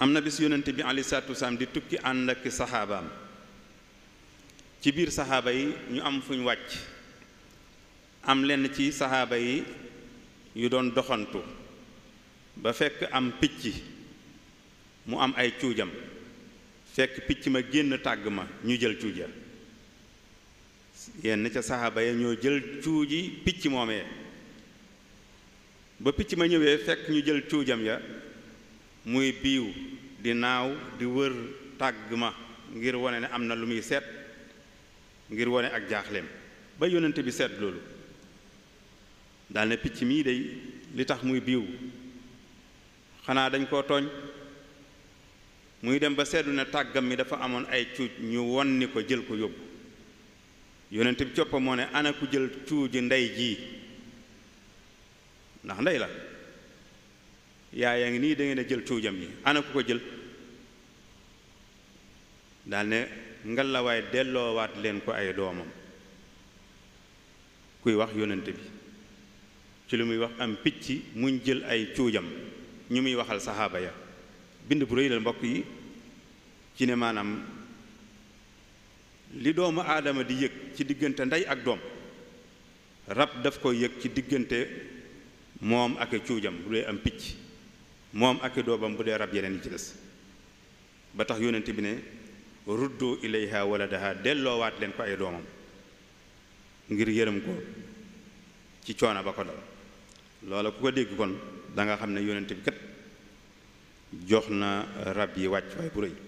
am na bis yonent bi aleyhi salaatu wasalaam di tukki ànd ak saxaabaam ci biir saxaaba yi ñu am fuñ wàcc am lenn ci saxaaba yi yu doon doxantu ba fekk am picc mu am ay cuujam fekk picc ma génn tàgg ma ñu jël cuuja yenn ca saxaaba ya ñoo jël cuuji picc moomee ba picc ma ñëwee fekk ñu jël cuujam ya muy biiw di naaw di wër tàgg ma ngir wone ne am na lu muy seet ngir wone ak jaaxleem ba yónnante bi seet loolu dal picc mii day li tax muy biiw xanaa dañ koo tooñ muy dem ba seetlu ne tàggam mi dafa amoon ay cuuj ñu won ni ko jël ko yóbbu yónnante bi coppa moo ne ana ku jël cuuji ndey jii ndax ndey la yaay yaa ngi nii da a jël cuujam yi ana ku ko jël daal ne ngalawaay delloowaat leen ko ay doomam kuy wax yonent bi ci lu muy wax am picc muñ jël ay cuujam ñu muy waxal saxaaba ya bind bu rëy la mbokk yi ci ne maanaam li doomu aadama di yëg ci diggante ndey ak doom rab daf ko yëg ci diggante moom ak cuujam bu dee am picc moom ak i doobam bu dee rab yeneen yi ci des ba tax yónent bi ne ruddu ilayha waladaha delloowaat leen ko ay doomam ngir yërëm ko ci coono ba ko dal loola ku ko dégg kon da nga xam ne yónent bi kat jox na rab yi wàcc waay bu rëy